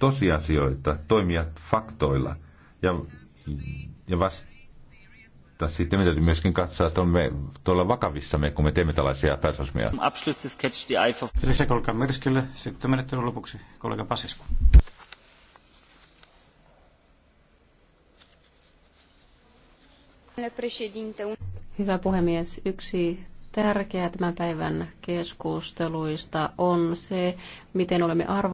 tosiasioita, toimia faktoilla. Ja, ja vasta sitten me täytyy myöskin katsoa, että olemme tuolla vakavissamme, kun me teemme tällaisia päätösmiä. Kiitoksia kollega Merskille. Sitten menettelyn lopuksi kollega Pasisku. Hyvä puhemies, yksi tärkeä tämän päivän keskusteluista on se, miten olemme arvo